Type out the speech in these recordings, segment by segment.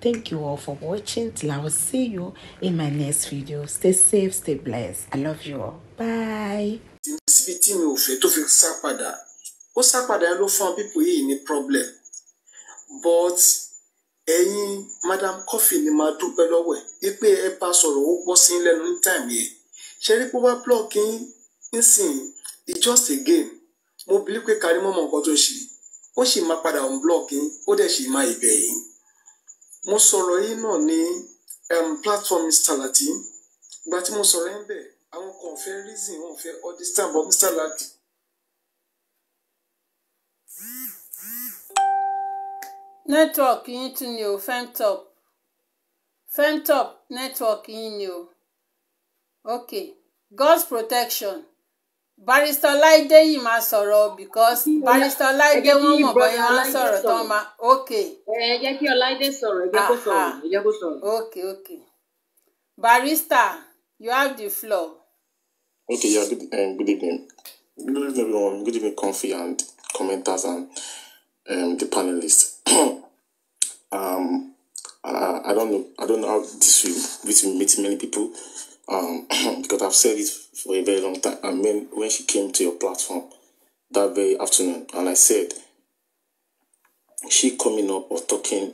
Thank you all for watching. Till I will see you in my next video. Stay safe, stay blessed. I love you all. Bye. síbi tí mi ò fẹ́ tó fi sá padà ó sá padà ló fún pípò yìí ní problem but ẹ̀yin madam coffee ni máa dúpẹ́ lọ́wọ́ ẹ̀ wípé ẹ bá sọ̀rọ̀ ó gbọ́ sí lẹ́nu ní time yẹn ṣe rí pé wá block yín nísìn it's just a game mo believe pé Karimo mọ nǹkan tó ṣe ó sì máa padà unblock yín ó dẹ̀ sì máa ìbẹ̀ yín mo sọ̀rọ̀ yìí náà ní platform Mr. Lati ìgbà tí mo sọ̀rọ̀ yẹn bẹ̀ àwọn kan fẹ́ reason wọn fẹ́ understand but Mr. Lati. nẹ́tíwọ̀kì yín tún ni o femtop femtop nẹ́tíwọ̀kì yín ni o ok God's protection barrister Laide yìí máa sọ̀rọ̀ because barrister Laide wọ́n mọ̀ bóyá wọ́n sọ̀rọ̀ tán máa ok. ẹ jẹ́ kí Ọláìdé sọ̀rọ̀ ẹ jẹ́ kó sọ̀rọ̀ ẹ jẹ́ kó sọ̀rọ̀. ok ok barrister you have the floor. okay yeah good, um, good evening good evening everyone good evening comfy and commenters and um, the panelists. um, I, I don't know I don't know how this will meet many people um, because I've said it for a very long time. I mean, when she came to your platform that very afternoon, and I said, she coming up or talking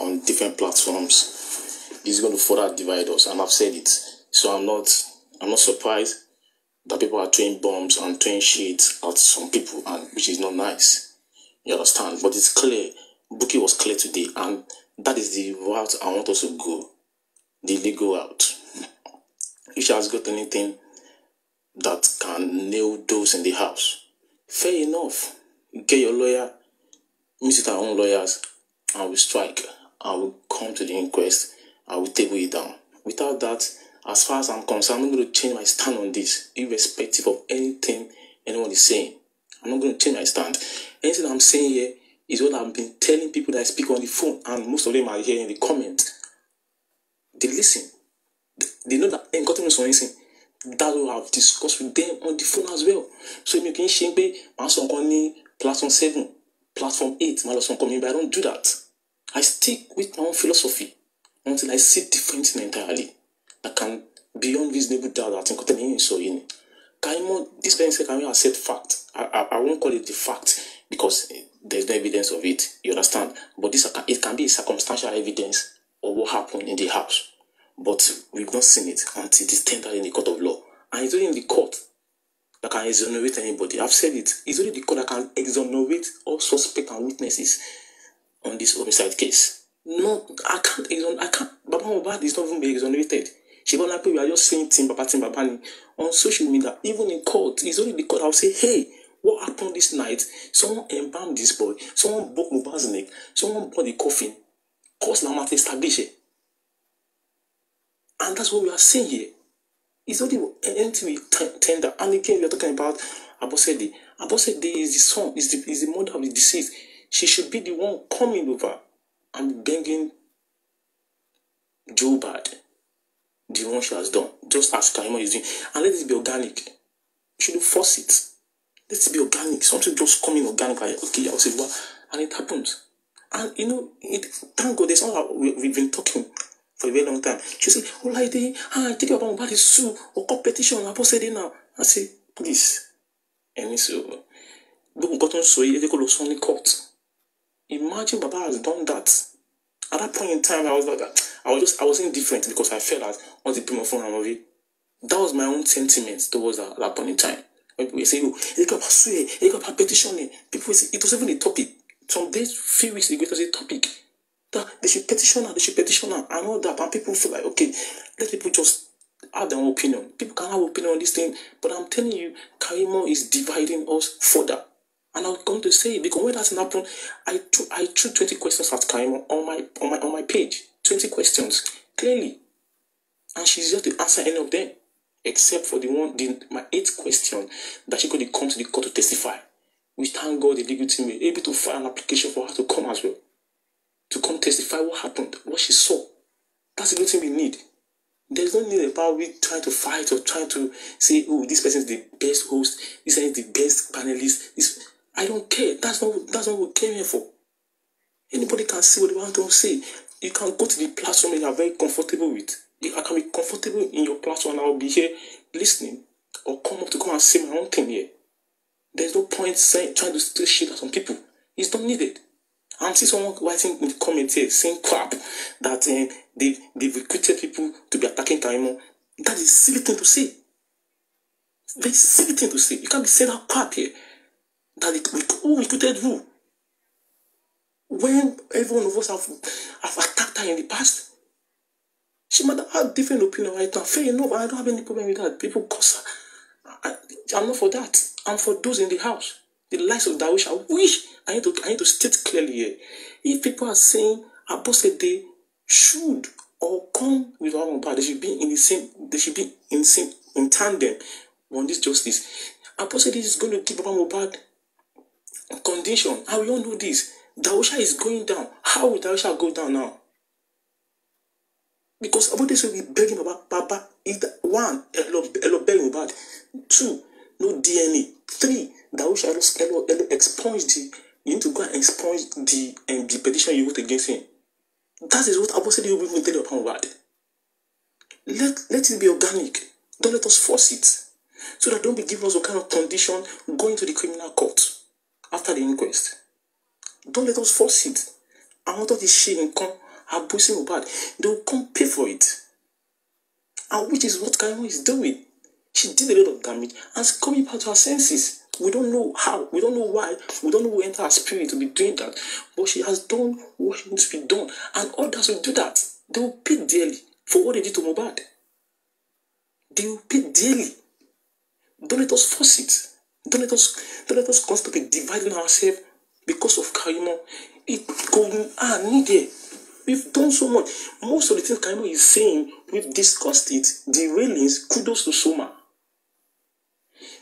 on different platforms is going to further divide us, and I've said it. So I'm not, I'm not surprised that people are throwing bombs and throwing shit at some people, and which is not nice. You understand? But it's clear. Bookie was clear today, and that is the route I want us to go, the legal route. If she has got anything that can nail those in the house. Fair enough. Get your lawyer, visit our own lawyers, I will strike. I will come to the inquest. I will table it down. Without that, as far as I'm concerned, I'm not going to change my stand on this, irrespective of anything anyone is saying. I'm not going to change my stand. Anything I'm saying here is what I've been telling people that I speak on the phone, and most of them are here in the comment. They listen. They know that I'm got me so anything that we have discussed with them on the phone as well so èmi kì í ṣe pé màá sọ nǹkan ní platform seven platform eight màá lọ sọ nǹkan mi but I don't do that I stick with my own philosophy until I see different thing entirely I can beyond reasonable doubt àti nǹkan tẹ̀lé yìí sọ yìí ni kaimo this parents say can we accept fact I, I, I won't call it the fact because there's no evidence of it you understand but this it can be circumstantial evidence of what happened in the house But we've not seen it until it is tendered in the court of law. And it's only in the court that can exonerate anybody. I've said it. It's only the court that can exonerate all suspects and witnesses on this homicide case. No, I can't exon. I can't. Baba Mubad is not even being exonerated. She won't Shebola people are just saying Tim Baba Tim Baba on social media, even in court. It's only the court that will say, hey, what happened this night? Someone embalmed this boy. Someone broke Mubad's neck. Someone bought the coffin. Cause now matter established. And that's what we are seeing here. It's not even until we tender. And again, we are talking about Abosede. Abosede is the son, is the, is the mother of the deceased. She should be the one coming over and bringing Jobad, the one she has done, just as Karima is doing. And let this be organic. You shouldn't force it. Let it be organic. Something just coming organic. Like, okay, I'll say, well, and it happens. And you know, it, thank God, that's all we've been talking for a very long time she say olaide ah take your bambam dey sue I posted it now i say please ẹni sọ gbogbo nǹkan tó ń sọ yìí ẹ jẹ́ kó lọ court imagine baba has done that at that point in time i was like i was just i was indifferent because i felt as wọn ti bímọ fún ọmọ rẹ that was my own sentiment towards that, that point in time when people say "Oh, ẹ jẹ́ kó bá sue ẹ ẹ jẹ́ petition people say it was even a topic some days few weeks ago it was a topic They should petition her, they should petition her, and all that. And people feel like, okay, let people just have their own opinion. People can have opinion on this thing, but I'm telling you, Karimo is dividing us further. And I'm going to say because when that's happened, I threw, I threw 20 questions at Karimo on my on my on my page. 20 questions clearly. And she's yet to answer any of them. Except for the one the my eighth question that she could come to the court to testify. We thank God the legal team were able to file an application for her to come as well to come testify what happened, what she saw. That's the only thing we need. There's no need about we trying to fight or trying to say, oh, this person is the best host, this is the best panelist. This I don't care. That's not that's not what we came here for. Anybody can see what they want to say. You can go to the platform you are very comfortable with. I can be comfortable in your platform and I'll be here listening or come up to come and say my own thing here. There's no point saying, trying to steal shit on some people. It's not needed. I'm seeing someone writing in the comment here saying crap that um, they they recruited people to be attacking Taimo. That is silly thing to say. Very silly thing to say. You can't be saying that crap here. That it, we, who recruited who? When everyone of us have, have attacked her in the past, she might have different opinion right now. Fair enough, I don't have any problem with that. People curse her. I, I'm not for that. I'm for those in the house. The likes of Dawish, I wish I need to I need to state clearly here. If people are saying Apostle they should or come with our power, they should be in the same they should be in same in tandem on this justice. Apostle is going to give Baba Bad condition. How we all know this. Dawisha is going down. How will Dawisha go down now? Because about this will be begging about Baba Either one, ẹ lọ bẹ́ẹ̀ about Two, no DNA. Three, thou shalt expunge the, you need to go and expunge the, and the petition you wrote against him. That is what said. You will even tell you upon word. Let, let it be organic. Don't let us force it. So that don't be giving us a kind of condition going to the criminal court after the inquest. Don't let us force it. I want to shame and come abusing bad. They will come pay for it. And which is what Kaimo is doing. She did a lot of damage and coming back to her senses. We don't know how, we don't know why, we don't know who entered her spirit to be doing that. But she has done what she needs to be done. And others will do that. They will pay dearly for what they did to Mobad. They will pay dearly. Don't let us force it. Don't let us don't let us constantly dividing ourselves because of Karimo. It going ah needed. We've done so much. Most of the things Karimo is saying, we've discussed it. The railings, kudos to Soma.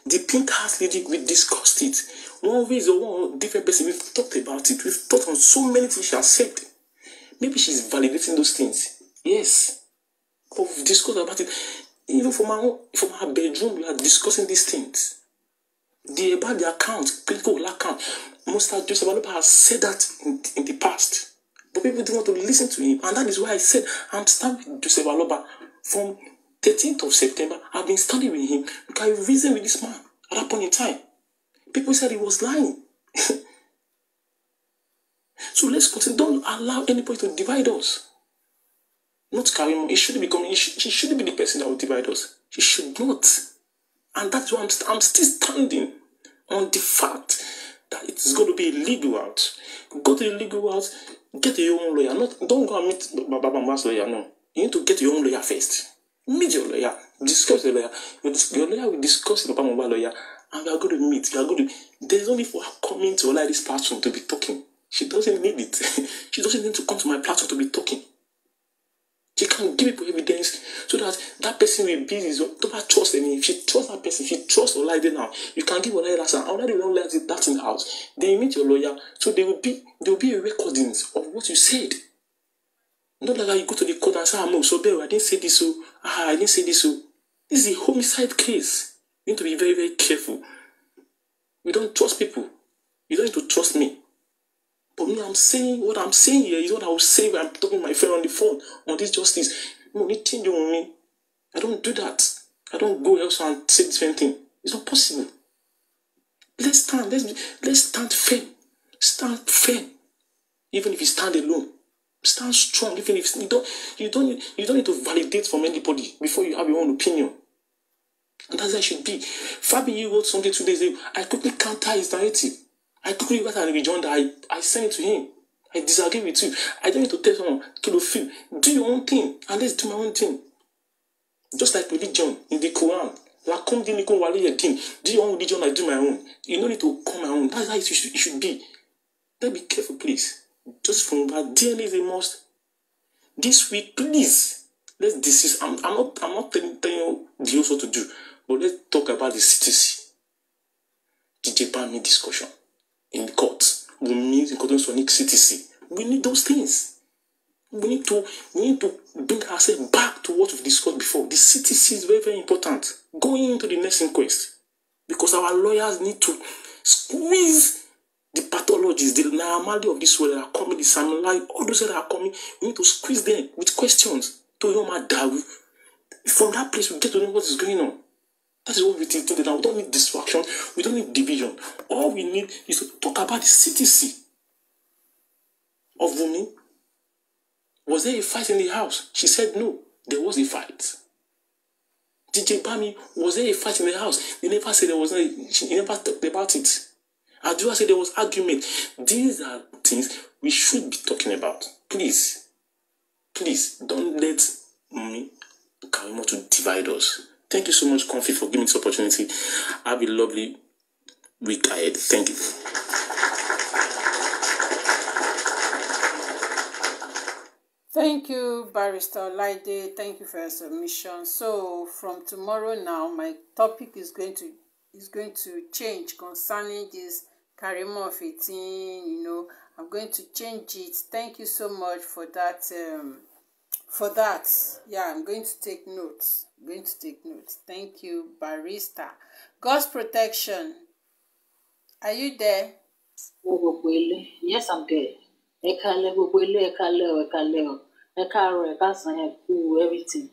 The pink house lady, we discussed it. One way or one different person, we've talked about it. We've talked on so many things she has said. Maybe she's validating those things. Yes. we've discussed about it. Even from our, from our bedroom, we are discussing these things. The, about the account, critical account. Mr. Joseph Alupa has said that in, in the past. But people don't want to listen to him. And that is why I said, I'm standing with Joseph Alupa from 13th of September, I've been standing with him because I visited with this man at that point in time. People said he was lying. so let's continue. Don't allow anybody to divide us. Not Karim. He shouldn't be coming. she shouldn't be the person that will divide us. She should not. And that's why I'm, I'm still standing on the fact that it is going to be a legal out. Go to the legal out. Get your own lawyer. Not don't go and meet Baba lawyer. No, you need to get your own lawyer first. meet your lawyer discuss your lawyer your, your lawyer will discuss your papa mama lawyer and we are going to meet we are going to there is no need for her coming to olayide's platform to be talking she doesn't need it she doesn't need to come to my platform to be talking she can give people evidence so that that person will be his own trust any if she trusts that person if she trusts olayide now you can give olayide that and olayide will not let that in house then you meet your lawyer so there will be there will be a recordings of what you said no, that you go to the court and say, I'm ah, so bad. I didn't say this, so oh. ah, I didn't say this, so oh. this is a homicide case. You need to be very, very careful. We don't trust people. You don't need to trust me. But me, I'm saying what I'm saying here is what I will say when I'm talking to my friend on the phone on this justice. No, need change on me. I don't do that. I don't go elsewhere and say different thing. It's not possible. Let's stand. Let's let's stand firm. Stand firm. Even if you stand alone, stand strong even if you don't you don't you don't need to validate from anybody before you have your own opinion and that's how it should be fabi you wrote something two days ago i quickly counter his narrative i quickly write and rejoin that i i send it to him i disagree with you i don't need to tell someone kilo feel do your own thing and let's do my own thing just like religion in the quran lakum dinikum waliyadin do your own religion i do my own you no need to come my own that's how it should, it should be let me be careful please just from our dearly they must this week please let's this I'm, I'm not I'm not telling, telling you the also to do but let's talk about the CTC DJ Bami discussion in the court we need in cotton sonic CTC we need those things we need to we need to bring ourselves back to what we've discussed before the CTC is very very important going into the next inquest because our lawyers need to squeeze the pathologies, the normality of this world that are coming, the samurai, all those that are coming, we need to squeeze them with questions. To your mother, from that place, we get to know what is going on. That is what we think today. Now, we don't need distraction, we don't need division. All we need is to talk about the CTC of Wumi. Was there a fight in the house? She said no, there was a fight. DJ Bami, was there a fight in the house? He never said there was no, He never talked about it. Adua said there was argument. These are things we should be talking about. Please, please don't let me Karimo to divide us. Thank you so much, Comfy, for giving this opportunity. Have a lovely week ahead. Thank you. Thank you, Barrister Laide. Thank you for your submission. So from tomorrow now, my topic is going to is going to change concerning this Karimov 18 you know I'm going to change it thank you so much for that um, for that yeah I'm going to take notes I'm going to take notes thank you barista God's protection are you there. yes I'm there ẹ kalẹ̀ gbogbo ilé ẹ kalẹ̀ ọ ẹ kalẹ̀ ọ ẹ káàárọ̀ ẹ everything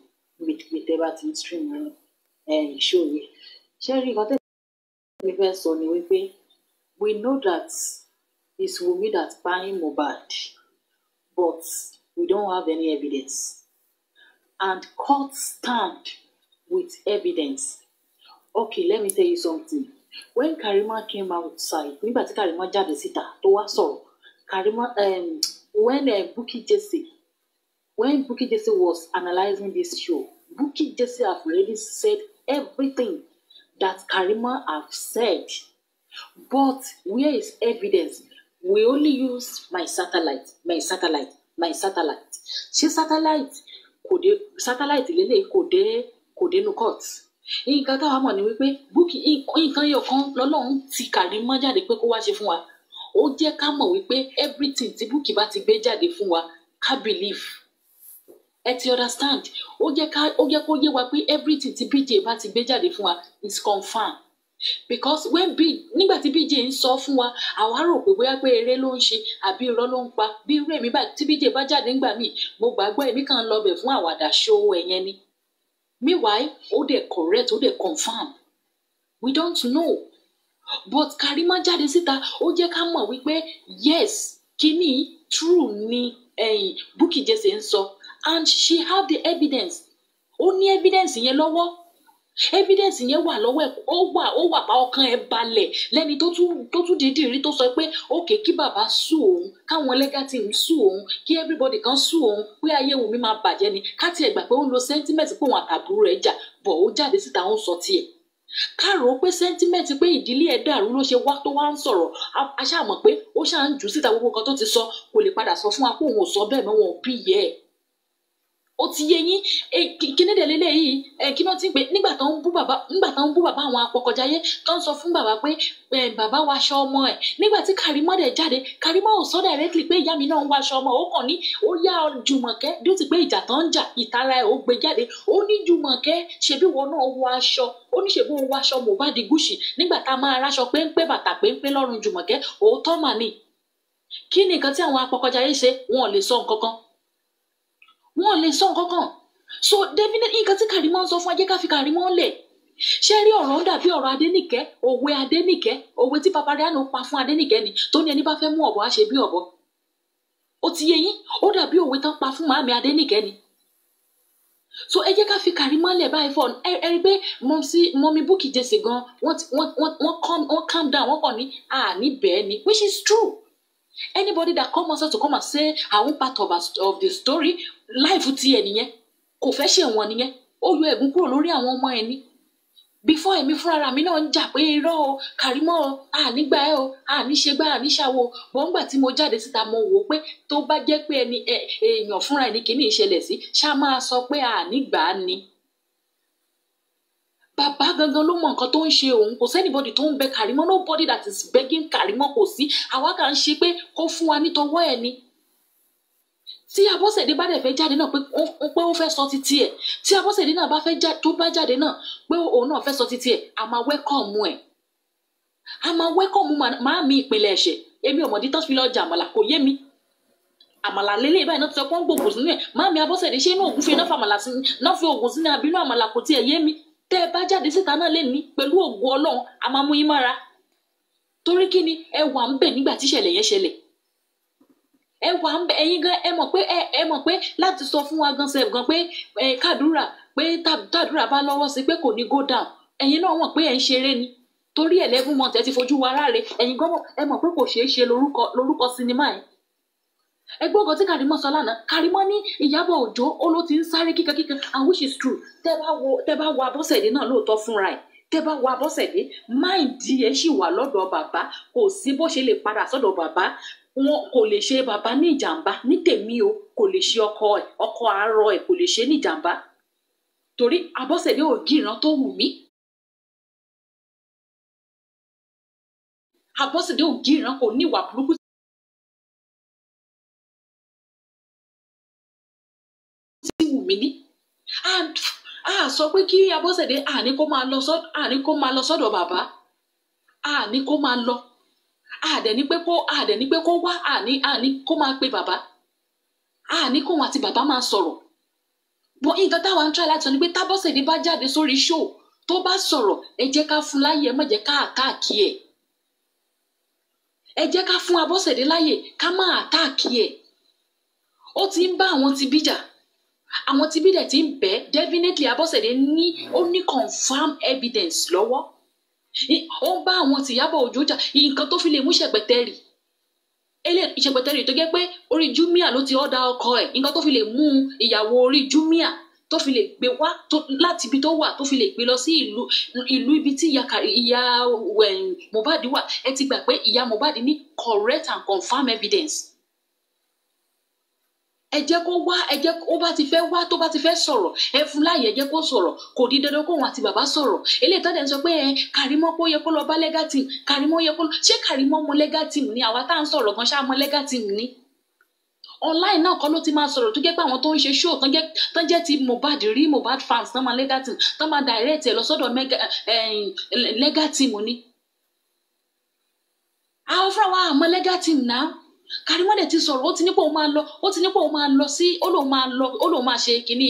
gbẹtẹ bá ti ń stream ẹ ìṣòro ṣé rí nǹkan tẹ́lẹ̀ mi fẹ́ sọ ni wípé we know that it's Wumi that's buying Mohbad, but we don't have any evidence. And court stand with evidence. Okay, let me tell you something. When Karima came outside, nígbà tí Karima jáde síta tó wá sọ̀rọ̀, Karima um, when uh, Bukky Jesse when Bukky Jesse was analysing this show, Bukky Jesse have already said everything that Karima have said But where is evidence? We only use my satellite, my satellite, my satellite. Ṣé satellite kò dé satellite lélẹ̀ kò dé kò dénú court? Nǹkan táwa mọ̀ ni wípé Bukky nǹkan yóò kan lọ́lọ́run ti Karimo jáde pé kó wá ṣe fún wa. Ó jẹ́ ká mọ̀ wípé everything tí Bukky bá ti gbé jáde fún wa ká believe ẹ ti understand ó jẹ́ kó yé wa pé everything tí BJ bá ti gbé jáde fún wa is confirmed because when b nígbà tí bj ń sọ fún wa àwa rò pé bóyá pé eré ló ń ṣe àbí irọ́ ló ń pa bí irú èmi bá tí bj bá jáde ńgbà míì mo gbàgbọ́ èmi kàn ń lọ bẹ̀ fún àwàdà ṣòwò ẹ̀yẹn ni meanwhile ó dẹ̀ correct ó dẹ̀ confirm we don't know but Karima jáde síta ó jẹ́ ká mọ̀ wípé yes kíní true ni ẹ̀yìn Bukky Jesse ń sọ and she have the evidence ó ní evidence yẹn lọ́wọ́ evidence yẹn wà lọ́wọ́ ẹ̀ ó wà ó wà pa ọkàn ẹ̀ balẹ̀ lẹ́ni tó tún tó tún dídì rí tó sọ pé òkè kí bàbá sú òun káwọn legal team sú òun kí everybody kan sú òun pé ayé Wùmí máa bàjẹ́ ni ká tiẹ̀ gbà pé ó ń lo sentiment pé òun àtàbúrò ẹ̀ jà bọ̀ ó jáde síta ó ń sọ tiẹ̀ kárò pé sentiment pé ìdílé ẹ̀ dàrú ló ṣe wá tó wá ń sọ̀rọ̀ a ṣáà mọ̀ pé ó ṣáà ń jù síta gbogbo nǹkan tó ti sọ kò lè padà sọ fún wa pé òun ò sọ bẹ́ẹ̀ mọ́ wọn ò bí yẹ ẹ̀ o ti yé yín kíní dẹ̀ lélẹ̀ yìí kí wọ́n ti pè nígbà tó ń bú bàbá nígbà tó ń bú bàbá àwọn apọkọjáyé tó ń sọ fún bàbá pé bàbá wa aṣọ ọmọ ẹ̀ nígbà tí Karimo dẹ̀ jáde Karimo ò sọ directly pé ìyá mi náà ń wá aṣọ ọmọ ó kàn ní ó yá Jùmọ̀kẹ́ bí ó ti pé ìjà tó ń jà ìtara ẹ̀ ó gbé jáde ó ní Jùmọ̀kẹ́ ṣebí wọn náà wọ aṣọ ó ní ṣebí wọn wọ aṣọ Mohbad Gushy nígbà tá a máa ráṣọ péńpé bàtà péńpé lọ́rùn Jùmọ̀kẹ́ òótọ́ mà ní kí ni nǹkan tí àwọn apọkọjáyé ṣe wọn ò lè sọ nǹkan kan wọn ò lè sọ nǹkan kan so definitely nǹkan tí Karimo ń sọ fún ajé ká fi Karimo lẹ̀ ṣé rí ọ̀rọ̀ ń dàbí ọ̀rọ̀ Adénìkẹ́ òwe Adénìkẹ́ òwe tí Papariano pa fún Adénìkẹ́ ni tó ní ẹni bá fẹ́ mú ọ̀bọ á ṣe bí ọ̀bọ ó ti yé yín ó dàbí òwe tán pa fún màmí Adénìkẹ́ ni so ẹ jẹ́ ká fi Karimo lẹ̀ báyìí fọ́ ẹ ẹ rí pé mọ́mí Bukky Jesse gan wọ́n calm down wọ́n kàn ní àní bẹ́ẹ̀ ni which is true anybody that come outside to come and say i wan part of, of the story láìfù tiẹ̀ nìyẹn kò fẹ́ ṣèwọ̀n nìyẹn ó yọ ẹ̀gún kúrò lórí àwọn ọmọ ẹ̀ ni before èmi fúnra mi náà ń jà pé irọ́ o Karimo o ànígbà ẹ o àníṣegbà àníṣàwò bọ́ngbà tí mo jáde síta mo wò ó pé tó bá jẹ́ pé ẹni èèyàn fúnra ẹni kìíní ìṣẹ̀lẹ̀ sí ṣá máa sọ pé ànígbà ni. bàbá gangan ló mọ nǹkan tó ń ṣe òun kò sẹ́nibọ́dì tó ń bẹ Karimo nobody that is begging Karimo kò sí àwa kà ń ṣe pé kó fún wa nítọwọ́ ẹ̀ ni tí abọ́sẹ̀dé bá dẹ̀ fẹ́ jáde náà pé ó fẹ́ sọ títí ẹ̀ tí abọ́sẹ̀dé náà bá fẹ́ tó bá jáde náà pé òun náà fẹ́ sọ títí ẹ̀ a máa wẹ́kọ̀mù ẹ̀ a máa wẹ́kọ̀mù máa mi ìpínlẹ̀ ẹ̀ṣẹ̀ èmi ọ̀mọ̀dé tó fi lọ jà àmàlà kò yé mi àmàlà lélẹ̀ báyìí náà ti sọ pé ó ń gbòògùn sínú ẹ̀ máa mi abọ́sẹ̀dé ṣé inú ògùn fi náà fàmàlà sí náà fi ògùn sínú àbínú àmàlà kò tiẹ̀ yé mi tẹ́ ẹ bá jáde síta náà lé ní pẹ̀lú ògùn ọlọ́run a máa mú yín mára torí kí ni ẹ wà ń bẹ̀ nígbà tíṣẹ̀lẹ̀ yẹn ṣẹlẹ̀ ẹ wà ń bẹ ẹ̀yin gan ẹ mọ̀ pé ẹ mọ̀ pé láti sọ fún wa gan sef gan pé ẹ kàdúrà pé tàdúrà bá lọ́wọ́ sí pé kò ní go down ẹ̀yin náà mọ̀ pé ẹ ń ṣeré ni torí eleven months ẹ ti fojú wa ara rẹ ẹ̀yin gan ẹ mọ̀ pé kò ṣeé ṣe lórúkọ lórúkọ sinimá yẹn ẹgbẹ́ ọkọ̀ tí Karimo sọ lánàá Karimo ní Ìyábọ̀ Òjó ó ló ti ń sáré kíkankíkan and which is true tẹ́ bá wo tẹ́ bá wo Abọ́sẹ̀dé náà lóòótọ́ fúnra ẹ̀ tẹ́ bá wo Abọ́sẹ̀dé máìndì ẹ̀ ṣì wà lọ́dọ̀ bàbá kò sí bó ṣe lè padà sọ́dọ̀ bàbá wọn kò lè ṣe bàbá ní ìjàmbá ní tèmi o kò lè ṣe ọkọ ẹ̀ ọkọ àárọ̀ ẹ̀ kò lè ṣe ní ìjàmbá torí Abọ́sẹ̀dé ò jíran tó wù mí Abọ́sẹ̀dé ò jíran kò ní ìwà burúkú tí wù mí a sọ pé kí Abọ́sẹ̀dé àní kó máa lọ sọ́dọ̀ bàbá àní kó máa lọ àdẹ̀ ní pé kó àdẹ̀ ní pé kó wá àní àní kó máa pe bàbá àní kóun àti bàbá máa sọ̀rọ̀ bọ́n nǹkan táwa ń try láti sọ ni pé tábọ́sẹ̀dé bá jáde sórí show tó bá sọ̀rọ̀ ẹ jẹ́ ká fún láyè ẹ má jẹ́ ká àkáàkì ẹ̀ ẹ jẹ́ ká fún abọ́sẹ̀dé láyè ká má àkáàkì ẹ̀ ó ti ń bá àwọn ti bíjà àwọn ti bíjà ti ń bẹ́ẹ̀ definitely abọ́sẹ̀dé ní ó ní confam evidence lọ́wọ́ ó ń bá àwọn tìyábọ̀ òjó jà nǹkan tó fi lè mú ṣẹ̀pẹ̀tẹ̀rì ele ìṣẹ̀pẹ̀tẹ̀rì tó jẹ́ pé orí jumia ló ti ọ̀dà ọkọ ẹ̀ nǹkan tó fi lè mú ìyàwó orí jumia tó fi lè gbé wá láti ibi tó wà tó fi lè gbé lọ sí ìlú ìlú ibi tí ìyá Mohbad wà ẹ ti gbà pé ìyá Mohbad ní correct and confirm evidence ẹ jẹ́ kó wá ẹ jẹ́ kó bá ti fẹ́ wá tó bá ti fẹ́ sọ̀rọ̀ ẹ fún láàyè ẹ jẹ́ kó sọ̀rọ̀ kò di dandan kóun àti bàbá sọ̀rọ̀ eléyìí tọ́jà ń sọ pé ẹ Karimo kó yẹ kó lọ bá legal team Karimo yẹ kó lọ ṣé Karimo mọ legal ni àwa tá à ń sọ̀rọ̀ gan ṣáà mọ legal ni online náà kọ́ ló ti máa sọ̀rọ̀ tó jẹ́ pé àwọn tó ń ṣe show tán jẹ́ ti Mohbad rí Mohbad fans tán máa legal team tán máa direct ẹ̀ lọ sọ́dọ̀ ni àwọn fúnra wa àmọ́ legal team náà Karimade ti sọ̀rọ̀ ó ti ní pé òun máa lọ ó ti ní pé òun máa lọ sí ó lóun máa lọ ó lóun máa ṣe kínní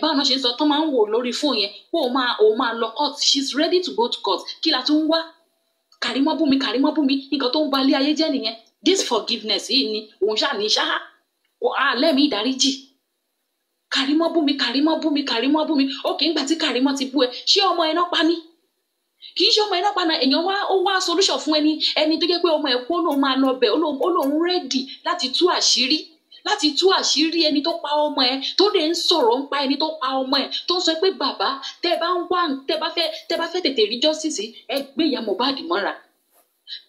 báwọn náà ṣe ń sọ tán máa ń wò lórí fóun yẹn pé òun máa òun máa lọ court she is ready to go to court kí la tún wá Karimọ́ bú mi Karimọ́ bú mi nǹkan tó ń ba ilé ayé jẹ́ nìyẹn this forgiveness yìí ni òun ṣáà ní ṣáà àlẹ́ mi ìdáríjì Karimọ́ bú mi Karimọ́ bú mi Karimọ́ bú mi òkè ńgbà tí Karimọ́ ti bú ẹ ṣé ọmọ ẹ náà pa ni kì í ṣe ọmọ ẹ náà padà èèyàn wá ó wá solution fún ẹni ẹni tó jẹ́ pé ọmọ ẹ kó lòun máa lọ bẹ̀ ó lòun rẹ́dì láti tú àṣírí láti tú àṣírí ẹni tó pa ọmọ ẹ tó lè ń sọ̀rọ̀ ń pa ẹni tó pa ọmọ ẹ tó ń sọ pé bàbá tẹ́ bá ń wá tẹ́ bá fẹ́ tẹ́ bá fẹ́ tètè rí justice ẹ gbé ìyá Mohbad mọ́ra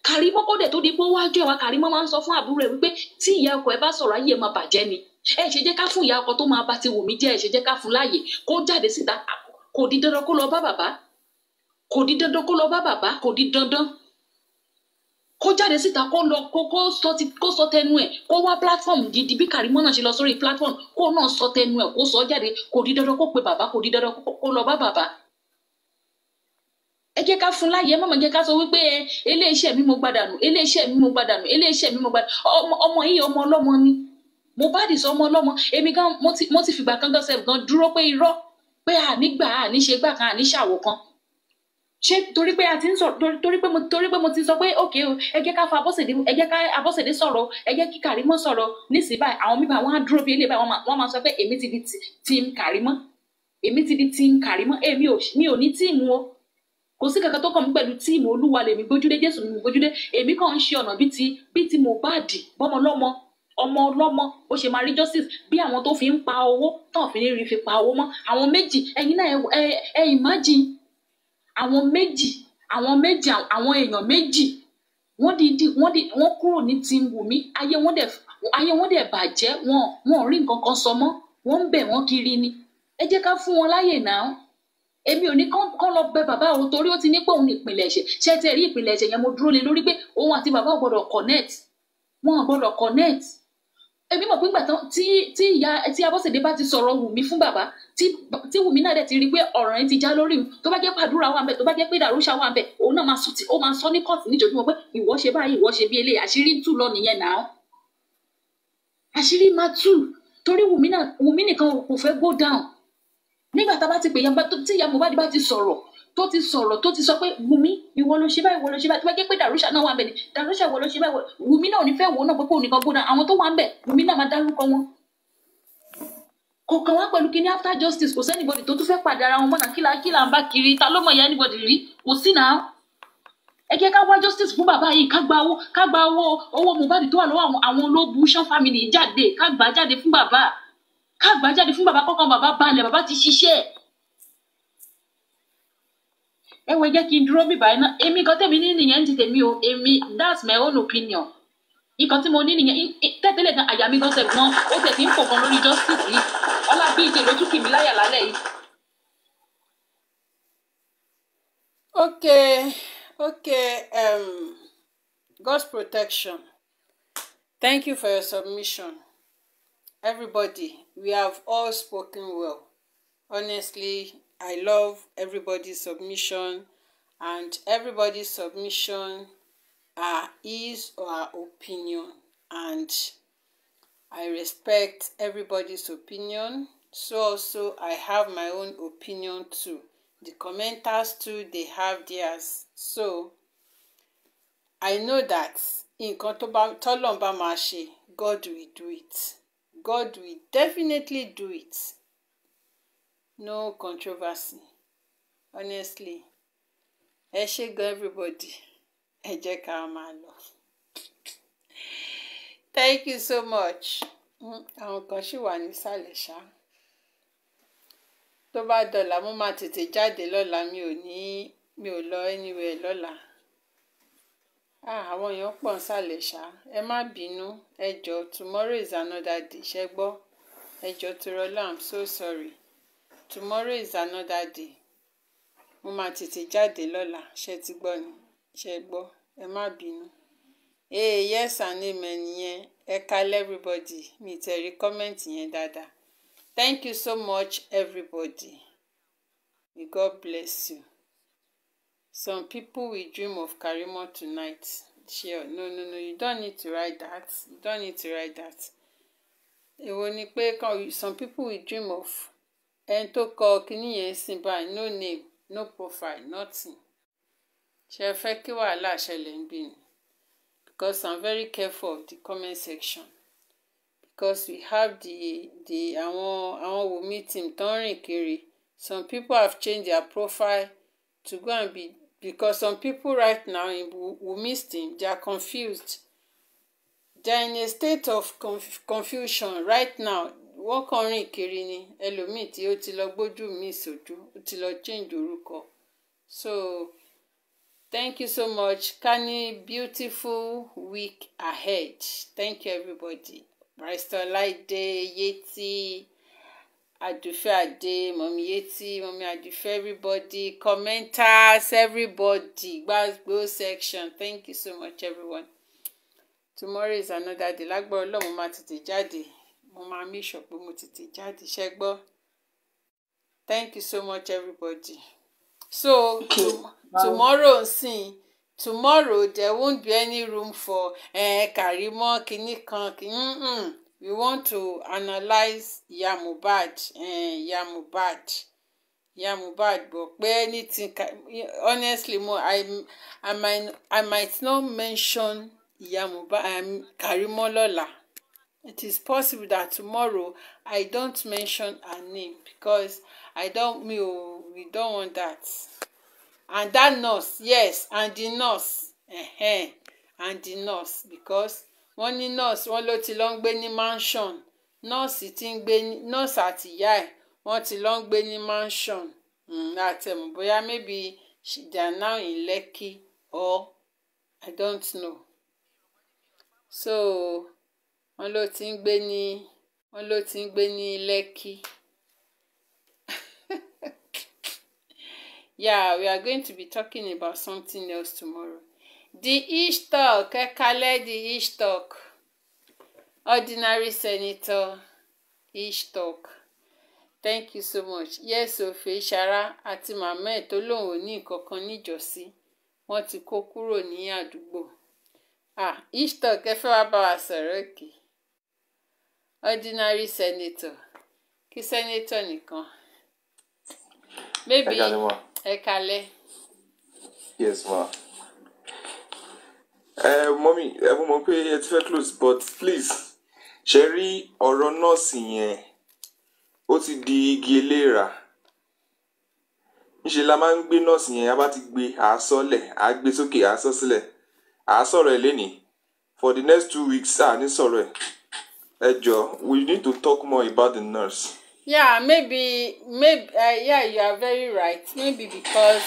Karimo kódẹ̀ tó di pé wájú ẹ̀ wá Karimo máa ń sọ fún àbúrò ẹ̀ wípé tí ìyá ọkọ ẹ bá sọ̀rọ̀ ayé ẹ máa bàjẹ́ ni ẹ ṣe jẹ́ ká fún ìyá ọkọ tó máa bá ti wò mí jẹ́ ẹ ṣe jẹ́ ká fún láàyè kó jáde síta kò di dandan kó lọ bá bàbá kò di dandan kó lọ bá bàbá kò di dandan kó jáde síta kó lọ kó kó sọ ti kó sọ tẹnu ẹ kó wá platform gidi bí Karimo náà ṣe lọ sórí platform kó náà sọ tẹnu ẹ kó sọ jáde kò di dandan kó pe bàbá kò di dandan kó lọ bá bàbá ẹ jẹ́ ká fún láyé mọ̀mọ́ jẹ́ ká sọ wípé ẹ eléeṣẹ́ mi mo gbàdànù eléeṣẹ́ mi mo gbàdànù eléeṣẹ́ mi mo gbàdànù ọmọ yìí ọmọ ọlọ́mọ ni Mohbad sọ ọmọ ọlọ́mọ èmi gan mo ti fìgbà kan gan sẹ́ẹ̀ gan dúró pé irọ́ pé ànígbà àníṣe gbà kan àníṣàwò kan ṣé torí pé a ti ń sọ̀rọ̀ torí pé mo torí pé mo ti sọ pé òkè o ẹ jẹ́ ká fa Abọ́sẹ̀dé ẹ jẹ́ ká Abọ́sẹ̀dé sọ̀rọ̀ ẹ jẹ́ kí Kàrímọ́ sọ̀rọ̀ nísìnyí báyìí àwọn mìíràn wọn á dúró bí ilé báyìí wọ́n máa sọ pé èmi ti di team Kàrímọ́ èmi ti di team Kàrímọ́ èmi ò mi ò ní tíìmù o kò sí kankan tó kàn mí pẹ̀lú tíìmù Olúwa lèmi gbójúlé Jésù mi gbójúlé èmi kàn ń ṣe ọ̀nà bíi ti bíi ti Mohbad bọ́mọ lọ́mọ ọmọ ọlọ́mọ ó ṣe máa rí justice bí àwọn tó fi ń pa owó tán fi ní rí fi pa owó mọ́ àwọn méjì ẹ̀yin náà ẹ ẹ imagine àwọn méjì àwọn méjì àwọn èèyàn méjì wọ́n dìídì wọ́n dì wọ́n kúrò ní ti Wùmí ayé wọ́n dẹ̀ ayé wọ́n dẹ̀ bàjẹ́ wọn wọn rí nǹkan kan sọ mọ́ wọ́n ń bẹ̀ wọ́n kiri ni ẹ jẹ́ ká fún wọn láyè náà èmi ò ní kán lọ bẹ bàbá òun torí ó ti ní pé òun ìpìlẹ̀ ẹ̀ṣẹ̀ ṣé ti rí ìpìlẹ̀ ẹ̀ṣẹ̀ yẹn mo dúró lé lórí pé òun àti bàbá ò gbọ́dọ̀ connect wọn ò gbọ́dọ̀ connect èmi mọ̀ pé ìgbà tí tí ìyá tí Abọ́sẹ̀dé bá ti sọ̀rọ̀ Wùmí fún bàbá tí tí Wùmí náà dẹ̀ ti rí i pé ọ̀ràn yẹn ti já lórí mi tó bá jẹ́ pàdúrà wà ń bẹ̀ tó bá jẹ́ pé ìdàrúṣà wà ń bẹ̀ òun náà máa sọ ti ó máa sọ ní kóòtù níjojúmọ́ pé ìwọ ṣe báyìí ìwọ ṣe bí eléyìí àṣírí tú lọ nìyẹn náà àṣírí máa tú torí Wùmí náà Wùmí nìkan kò fẹ́ go down nígbà tá a bá ti pè yàgbá tí ìyá Mohbad bá ti sọ̀rọ̀ tó ti sọ̀rọ̀ tó ti sọ pé Wùmí ìwọ ló ṣe báyìí ìwọ ló ṣe báyìí tó bá jẹ́ pé Darusha náà wà ń bẹ̀ ni Darusha ìwọ ló ṣe báyìí Wùmí náà ò ní fẹ́ wò ó náà pé kò nìkan gbóná àwọn tó wà ń bẹ̀ Wùmí náà máa dárúkọ wọn. kò kàn wá pẹ̀lú kíní after justice kò sẹ́nibọ̀dì tó tún fẹ́ pàdé ara wọn mọ́nà kílà kílà ń bá kiri ta ló mọ̀ ìyá anybody rí kò sí náà ẹ jẹ́ ká wá justice fún bàbá yìí ká gba owó ká gba owó owó Mohbad tó wà lọ́wọ́ àwọn ológun Shon family jáde ká gbà jáde fún bàbá ká gbà jáde fún bàbá kọ́kàn bàbá balẹ̀ bàbá ti ṣiṣẹ́ ẹ̀ ẹ wọ jẹ́ kí n dúró bíbá iná èmi kan tèmi ní nìyẹn ti tèmi o èmi that's my own opinion nǹkan tí mo ní nìyẹn tẹ́tẹ́lẹ̀ gan àyà mi gan sẹ̀ gan ó tẹ̀ sí ń pọ̀ gan lórí justice yìí ọlá bí ìjẹ́ lójú kì mí láyà lálẹ́ yìí. okay okay um, God's protection thank you for your submission everybody we have all spoken well honestly I love everybody's submission and everybody's submission are his or her opinion and I respect everybody's opinion so also I have my own opinion too the commenters too they have theirs so I know that in tó bá tọ́lọ́n God will do it God will definitely do it no controversy honestly ẹ ṣé gan everybody ẹ jẹ́ ká máa lọ. thank you so much hmm, àwọn kan ṣì wà nísàlẹ̀ ṣá tó bá dọ̀là mo máa tètè jáde lọ́la mi ò ní mi ò lọ anywhere lọ́la ah, àwọn èèyàn pọ̀ nísàlẹ̀ ṣá ẹ má bínú ẹ jọ̀ọ́ tomorrow is another day ṣẹ́ gbọ́ ẹ jọ̀ọ́ torọ́lá i'm so sorry tomorrow is another day mo máa tètè jáde lọ́la ṣe ti gbọ́ ni ṣe gbọ́ ẹ má bínú. ee eh, yes and amen yẹn ẹ kalẹ́ everybody mi tẹ̀rí kọ́mẹ́ǹtì yẹn dáadáa thank you so much everybody may God bless you some people will dream of Karimo tonight sure no no no you don't need to write that you don't need to write that èwo ni pé some people will dream of ẹni tó kọ kinní yẹn sìn báyìí no name no profile nothing ṣe fẹ́ kí wàhálà ṣẹlẹ̀ ń bí ni because i'm very careful of the comment section because we have the the àwọn àwọn wòmí team tó ń rìn kiri some people have changed their profile to go and be because some people right now in wòmí's team they are confused they are in a state of conf confusion right now wọ́n kàn rìn kiri ni ẹlòmíì tí ó ti lọ gbójú mi sójú ó ti lọ change orúkọ so thank you so much kani beautiful week ahead thank you everybody Bristol Laide Yeti Adufe Ade Mọ̀mí Yeti Mọ̀mí Adufe everybody commenters everybody gbàgbó section thank you so much everyone tomorrow is another day lágbára Ọlọ́run máa tètè jáde mo máa make sure pé mo tètè jáde ṣe gbọ́ thank you so much everybody so tomorrow nsìn tomorrow there won't be any room for eh, Karimo kinní kan kinní mm, we want to analyse Iya Mohbad eh, Iya Mohbad. Iya Mohbad but pe anything honestly mo I, I might I might not mention Iya Mohbad um, Karimo lọ́la it is possible that tomorrow i don't mention her name because i don't me o we don't want that and that nurse yes and the nurse uh-huh, and the nurse because wọ́n ní nurse wọ́n ló ti lọ ń gbé ní mansion nurse ti ń gbé ní nurse àti ìyá ẹ̀ wọ́n ti lọ ń gbé ní mansion àtẹ̀mù hmm, bóyá maybe she dey now in Lekki or i don't know so wọ́n ló ti ń gbé ní wọ́n ló ti ń gbé ní Lekki yeah we are going to be talking about something else tomorrow the ish talk ekale the ish talk ordinary senator ish talk thank you so much yes Ofe, sara àti màmá ẹ̀ tó lòun ò ní nǹkan kan níjọ́sí wọ́n ti kó kúrò ní àdúgbò ah ish talk ẹ fẹ́ wá bá wa sọ̀rọ̀ òkè. Okay. ordinary senator kí senator nìkan maybe ẹ yes ma. ẹ mọ́mí ẹ mọ̀ mọ́ pé ẹ ti fẹ́ close but please ṣe rí ọ̀rọ̀ nọ́ọ̀sì yẹn ó ti di igi n níṣẹ́ la máa ń gbé nọ́ọ̀sì yẹn a bá ti gbé àásọ́lẹ̀ a gbé sókè àásọ́sílẹ̀ lénìí for the next two weeks a ní sọ̀rọ̀ ẹ̀. Ejo, we need to talk more about the nurse. Yeah, maybe, maybe, uh, yeah, you are very right. Maybe because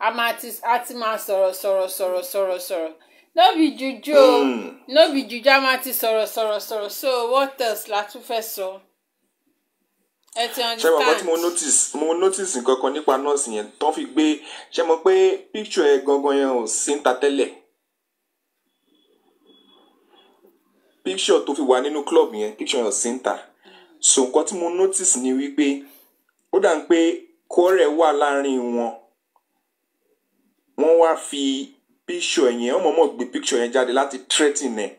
I'm at àti máa sorrow, sorrow, sorrow, sorrow, sorrow. No be juju mm. no be juju I'm máa ti sorrow, sorrow. sọ̀rọ̀ so what else la tún fẹ́ sọ? Ẹ ti understand. Ṣé bàbá tí mo notice mo notice nǹkan kan nípa nọ́ọ̀sì yẹn tán fi gbé ṣé mo pé picture ẹ gangan yẹn ò sí ń ta tẹ́lẹ̀. picture tó fi wà nínú club yẹn picture yẹn ò sí ń tà so nǹkan tí mo notice ni wípé ó dà ń pé kọ́rẹ̀ wà láàrin wọn wọ́n wá fi picture yẹn wọ́n mọ̀ọ́mọ̀ gbé picture yẹn jáde láti threatening ẹ̀.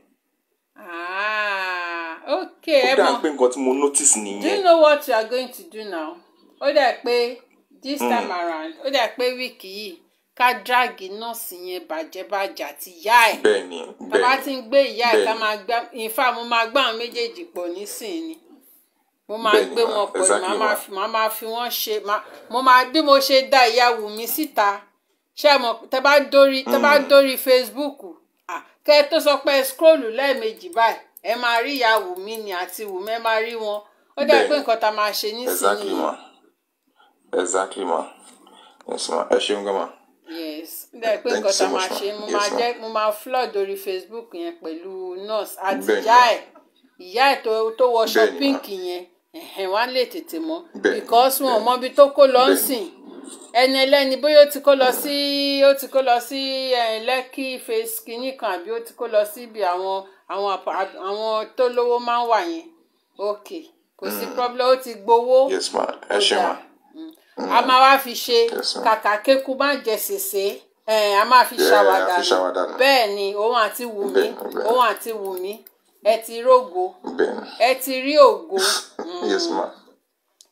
Ah, ok ẹ mọ ó dà ń pé nǹkan tí mo notice nìyẹn. do you know what you are going to do now? ó dà pé this hmm. time around ó dà pé wíìkì yìí ká dráàgì nọ́ọ̀sì yẹn bàjẹ́bàjẹ́ àti ìyá ẹ̀. bàbá ti ń gbé ìyá ẹ̀ tá máa gbá ìfà mo máa gbá àwọn méjèèjì pọ̀ nísìnyí mo máa gbé wọn pọ̀ ní màá máa fi wọ́n ṣe mo máa bí mo ṣe dá ìyá wù síta ṣé mo tẹ bá dórí mm. Facebook kẹ tó sọ pé skróòlù lẹ́ẹ̀mejì báyìí ẹ máa rí ìyá wù ni àti wù mí máa rí wọn ó dà pé nǹkan tá a máa ṣe nísìnyí. ẹ ṣeun gan ma yes bẹ́ẹ̀ pé nǹkan tá a máa ṣe mo máa jẹ́ mo máa flood orí Facebook yẹn pẹ̀lú nurse àti ìyá ẹ̀ ìyá ẹ̀ tó wọṣọ pink yẹn ẹ̀hẹ̀n wá lè tètè mọ́ because wọn ò mọbi tó kó lọ ń sìn ẹni ẹlẹ́ni bóyá ó ti kó lọ sí ó ti kó lọ sí Lẹ́kì face kínní kan àbí ó ti kó lọ síbi àwọn àwọn àwọn tó lówó máa ń wà yẹn ok kò sí hmm. problem ó ti gbowó. yes ma ẹ ṣe ma a máa wá fi ṣe kàkà kéku má jẹ sèse a máa fi ṣàwàdà bẹ́ẹ̀ ni òun àti Wùmí òun àti Wùmí ẹ ti rógo ẹ ti rí ògo mm.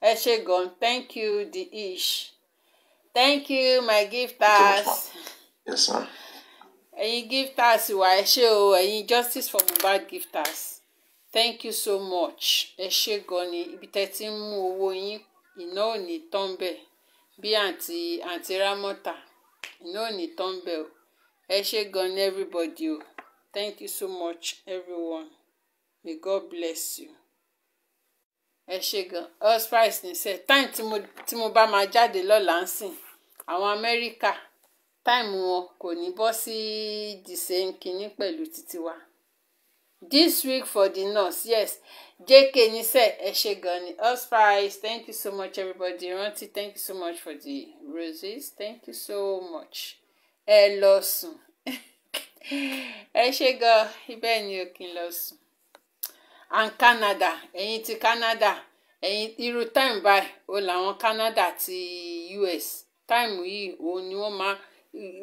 ẹ ṣe gan thank you the ish thank you my gifters. Yes, ma'am gifters wa ẹ ṣé o ẹ̀yin justice for Mohbad gifters thank you so much ẹ ṣé gan ni ibi tẹ́ ti ń mú owó yín iná ò ní tán bẹ́ẹ̀ bí àǹtí àǹtí rámọ́tà iná ò ní tán bẹ́ẹ̀ o ẹ ṣé gan everybody o thank you so much everyone may God bless you ẹ ṣé gan us price nìṣẹ́ time tí mo tí mo bá máa jáde lọ́la ń sìn àwọn Amẹ́ríkà táìmù wọn kò ní bọ́ sí the same kinní pẹ̀lú títí wa this week for the nurse yes jk nise Eshegani, ṣé thank you so much everybody Ranti, thank you so much for the roses thank you so much ẹ lọ sùn ẹ ṣé gan ibẹ̀ ni o kì í lọ sùn and canada ẹ̀yin ti canada ẹ̀yin irú time báyìí o làwọn canada ti us time yìí òun ni wọ́n máa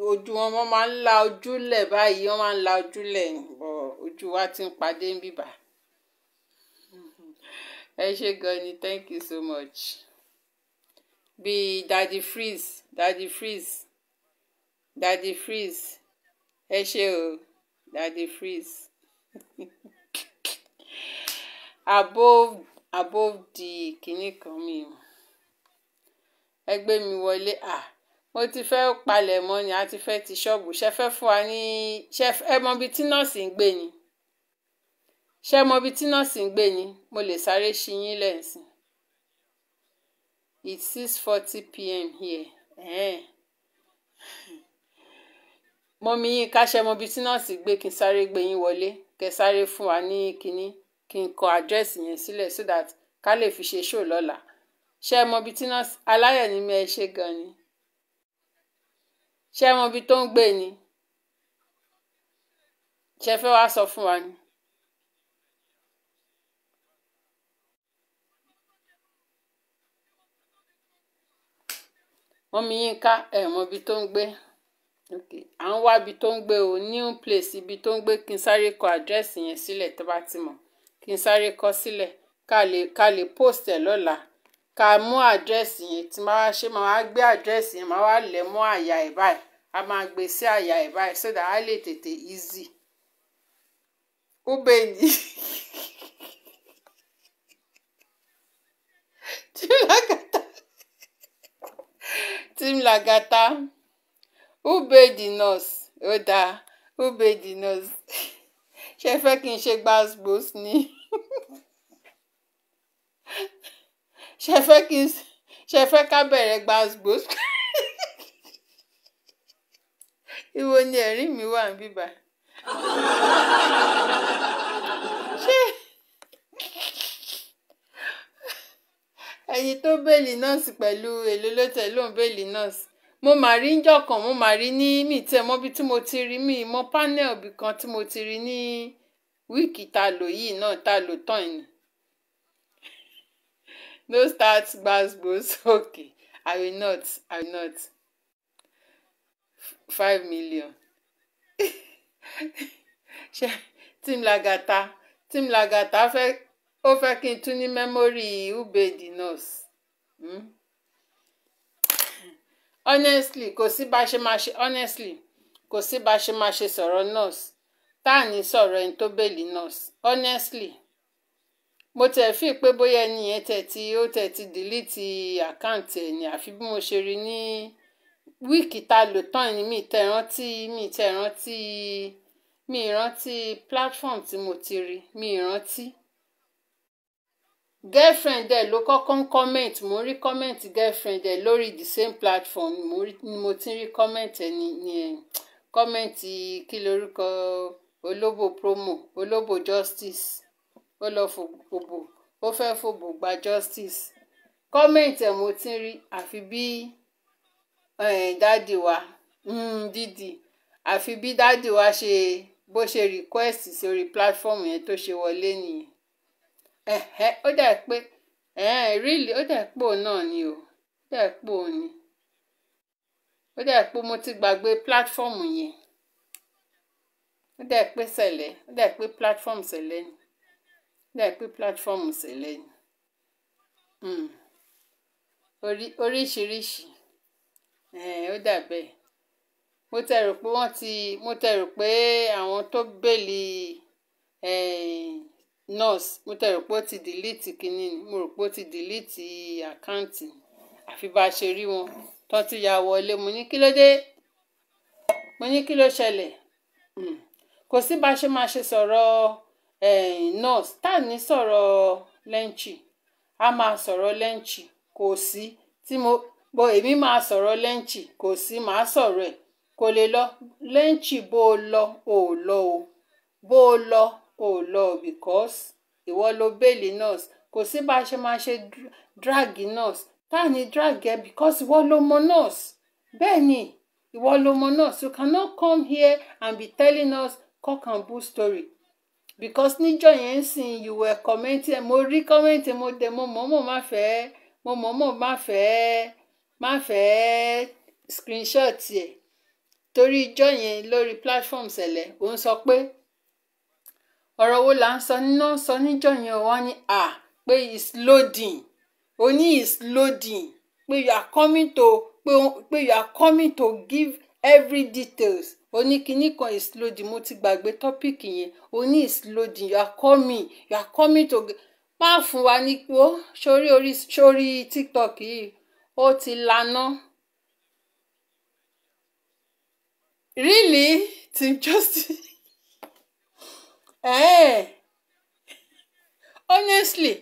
ojú wọn wọ́n máa ń la ojúlẹ̀ báyìí wọ́n máa ń la ojúlẹ̀ bọ̀ ojú wa ti ń padé ń bìbà ẹ ṣé gan thank you so much bíi Daddy Freeze Daddy Freeze Daddy Freeze ẹ ṣé o Daddy Freeze above above the kinní kan mi ẹ gbé mi wọlé ah mo ti fẹ́ palẹ̀mọ́ ni a ti fẹ́ ti ṣọ́ọ̀bù ṣe fẹ́ fún wa ní ṣe ẹ mọ ibi tí nọ́ọ̀sì ń gbé ni ṣe mọ ibi tí nọ́ọ̀sì ń gbé ni mo lè sáré ṣí yín lẹ́sìn it's six forty pm here eh. mọ́mí yín ká ṣe mọ ibi tí nọ́ọ̀sì gbé kí n sáré gbé yín wọlé kẹ sáré fún wa ní kinní kí n kọ àdírẹ́sì yẹn sílẹ̀ so that ká lè fi ṣe ṣó lọ́la ṣe mọ ibi tí nọ́ọ̀sì aláyọ̀ ni mi ẹ ṣe gan ni ṣé ẹ mọ ibi tó ń gbé ni ṣé ẹ fẹ́ wá sọ fún wa ni. mọ́mí Yínká ẹ mọ ibi tó ń gbé à ń wá ibi tó ń gbé o new place ibi tó ń gbé kí n sáré kọ àdírẹ́sì yẹn sílẹ̀ tó bá ti mọ̀ kí n sáré kọ sílẹ̀ ká lè post ẹ̀ lọ́la ká mú àdírẹ́sì yẹn tí máa wá ṣe máa wá gbé àdírẹ́sì yẹn máa wá lẹ̀ mọ́ àyà ẹ̀ báyìí a máa gbé sí àyà ẹ̀ báyìí so that a lè tètè easy ubeni timlagata timlagata ubedi nurse ó dáa ubedi nurse ṣe fẹ́ kí n ṣe gbàsgbòs ni. ṣe fẹ́ kí n ṣe fẹ́ ká bẹ̀rẹ̀ gbàgbó ìwo ni ẹ̀rín mi wà ń bíbà ṣé ẹni tó bẹ́ẹ̀lì nọ́ọ̀sì pẹ̀lú èlò ló tẹ̀ lóun bẹ́ẹ̀lì nọ́ọ̀sì mo mà rí ń jọkàn mo mà rí ní mìtẹ́ mọ́bí tí mo ti rí mi mọ́ panel bì kan tí mo ti rí ní wíìkì ta lò yìí náà ta lò tán yìí no start gbas-gbos okay i will not i will not five million team lagata team lagata fẹ́ ó fẹ́ kí n tún ní mẹ́mórì ubedi nurse hmm? honestly kò sí bá ṣe máa ṣe honestly kò sí bá a ṣe máa ṣe sọ̀rọ̀ nurse tá à ní sọ̀rọ̀ ẹni tó bèèlì nurse honestly mo tẹ̀ fi pé bóyá ẹni yẹn tẹ̀ tí ó tẹ̀ dìlítì àkáǹtì ẹ̀ ní àfi bí mo ṣe rí ní wíìkì tá a lò tán ni mi tẹ̀ rántí mi tẹ̀ rántí mi rántí platform tí mo ti rí mi rántí girlfriend ẹ ló kọ́kọ́ ń comment mo rí comment girlfriend ẹ lórí the same platform mo ni mo ti rí comment ẹ ní ní ẹ comment kí lorúkọ olóbò promo olóbò justice ó lọ fòbò ó fẹ́ fòbò gba justice kọ́mẹ̀ntì ẹ̀ mo ti rí àfi bí eh, dáàdì wa hmm, dídì àfi bí dáàdì wa ṣe bó ṣe request sórí platform yẹn tó ṣe wọlé nìyẹn ẹ̀hẹ́ ó dà pé eh, really, ríìlì ó dà pé òun náà ni o ó dà pé òun ni ó dà pé mo ti gbàgbé platform yẹn ó dà pé sẹ̀lẹ̀ ó dà pé platform sẹ̀lẹ̀ ni dẹ́ pé platform sílẹ̀ ni um hmm. orí oríṣiríṣi um ó dà bẹ́ẹ̀ mo tẹ̀ rò pé wọ́n ti mo tẹ̀ rò pé àwọn tó bèlì nurse mo tẹ̀ pé ó ti delete kínní ni mo rò pé ó ti delete àkáǹtì àfi bá a ṣe rí wọn tó ti ya wọlé mo ní kí ló dé mo ní kí ló ṣẹlẹ̀ um kò sí bá a ṣe máa ṣe sọ̀rọ̀ ọ́ um nurse tani sọ̀rọ̀ lẹ́ǹtì á máa sọ̀rọ̀ lẹ́ǹtì kò sí tí mo bo èmi máa sọ̀rọ̀ lẹ́ǹtì kò sí màá sọ̀rọ̀ ẹ̀ kó lè lọ lẹ́ǹtì bó o lọ ò lọ o bó o lọ ò lọ o because ìwọ ló bẹ́ẹ̀lì nurse kò sí bá a ṣe máa ṣe drag nurse tani drag ẹ because ìwọ ló mọ nurse bẹ́ẹ̀ ni ìwọ ló mọ nurse you cannot come here and be telling us cock and bull story because níjọ́ yẹn sin you were commenting mo rí comment mo dẹ̀ mo mọ̀ mọ̀ má fẹ́ mo mọ̀ mọ̀ má fẹ́ má fẹ́ screenshot ẹ̀ torí ijọ́ yẹn lórí platform ṣẹlẹ̀ ò ń sọ pé ọ̀rọ̀ wo là ń sọ nínú sọ níjọ́ yẹn wọ́n ní à pé is loading ó ní is loading pé you are coming to pé you are coming to give every details ó ní kinní kan is loading mo ti gbàgbé tọ́píìkì yẹn ó ní is loading you are coming you are coming to má fún wa ní o sórí orí sórí tiktok yìí ó ti laná. really ti just eh, eh. honestly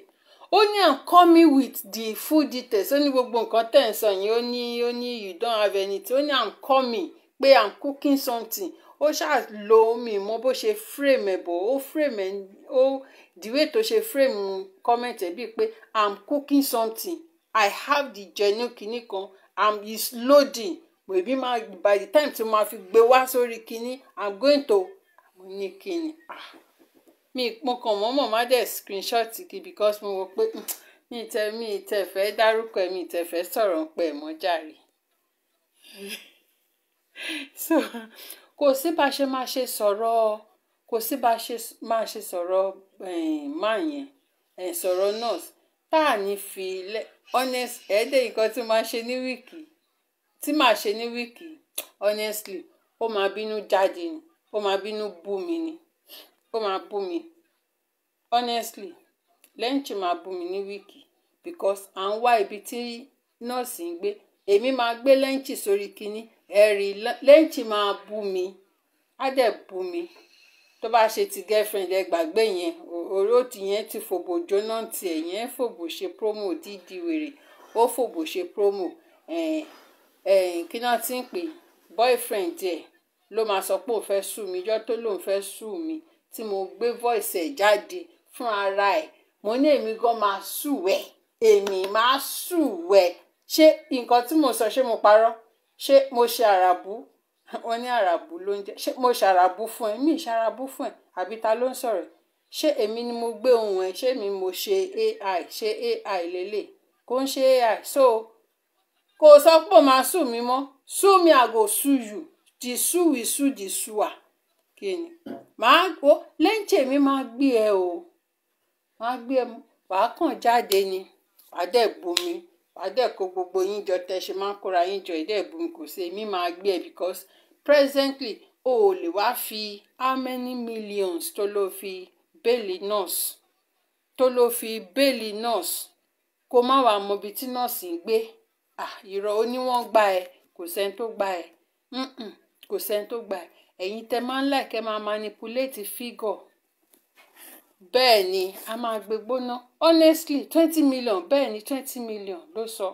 ó ní i'm coming with the full details ó ní gbogbo nǹkan tẹ̀ ń sọ yìí ó ní ó ní you don't have anything ó ní i'm coming pé i'm cooking something ó ṣáà lo omi mọ bó ṣe frame ẹ̀ bọ̀ ó frame ẹ̀ ó dìwé tó ṣe frame comment ẹ̀ bíi pé i'm cooking something i have the genuine kinní kan i'm is loading maybe ma by the time tí mo fi gbé wá sórí kinní i'm going to mo ní kinní ah mi mo kàn mọ́mọ́ má dẹ̀ screenshot kí because mo wọ pé mi tẹ mi tẹ fẹ́ dárúkọ ẹ̀ mi tẹ fẹ́ sọ̀rọ̀ ń pẹ́ mọ́ jàre. so kò sí bá a ṣe máa ṣe sọ̀rọ̀ kò sí bá a ṣe máa ṣe sọ̀rọ̀ eh, máa yẹn eh, sọ̀rọ̀ nurse tá à ní fi lẹ́ honest ẹ̀ẹ́dẹ̀ nǹkan tí màá ṣe ní wíìkì tí màá ṣe ní wíìkì honestly ó máa bínú jáde ni ó máa bínú bú mi ni ó máa bú mi honestly lẹ́yìn tí máa bú mi ní wíìkì because à ń wá ibi tí nọ́ọ̀sì ń gbé èmi máa gbé lẹ́ǹtì sórí kínní ẹ̀rì lẹ́yìn tí máa bú mi á dẹ̀ bú mi tó bá ṣe ti girlfriend ẹ gbàgbé yẹn òró ti yẹn ti fòbò jóná tiẹ̀ yẹn fòbò ṣe promo dídì wèrè ó fòbò ṣe promo kí náà ti ń pè boyfriend ẹ̀ ló máa sọ pé òun fẹ́ sù mí ijọ́ tó lóun fẹ́ sù mí tí mo gbé voice ẹ̀ jáde fún ara ẹ̀ mo ní èmi gan máa sù ẹ̀ èmi máa sù ẹ̀ ṣé nǹkan tí mo sọ ṣé mo parọ́ ṣé mo ṣe àràbù wọn ní àràbù ló ń jẹ ṣé mo ṣàràbù fún ẹ mi ṣàràbù fún ẹ àbí ta ló ń sọ̀rọ̀ ṣé èmi ni mo gbé ohùn ẹ ṣé mi mo ṣe AI ṣe AI lélẹ̀ kò ń ṣe AI so kò sọ pé màá sù mí mọ́ sú mi àgò sú yù dì sú ìsú dì sú à kí ni màá gbó lẹ́ńtì mi máa gbé ẹ o máa gbé ẹ wàá kàn jáde ni wàá dẹ̀ gbomi wàá dẹ̀ kó gbogbo yín jọ tẹ́ ṣe máa ń kóra yín jọ ìdẹ́ ìbomi kò sí èmi máa gbé ẹ because presently o ò lè wá fi how many millions tó ló fi bẹ́ẹ̀lì nurse tó ló fi bẹ́ẹ̀lì nurse kó má wàá mọ ibi tí nọ́ọ̀sì ń gbé ìrọ̀ ó ní wọ́n gba ẹ kò sẹ́ni tó gba ẹ kò sẹ́ni tó gba ẹ ẹ̀yin tẹ́ máa ń láìkẹ́ máa manipulate figure bẹ́ẹ̀ ni a máa gbé honestly twenty million bẹ́ẹ̀ ni twenty million ló sọ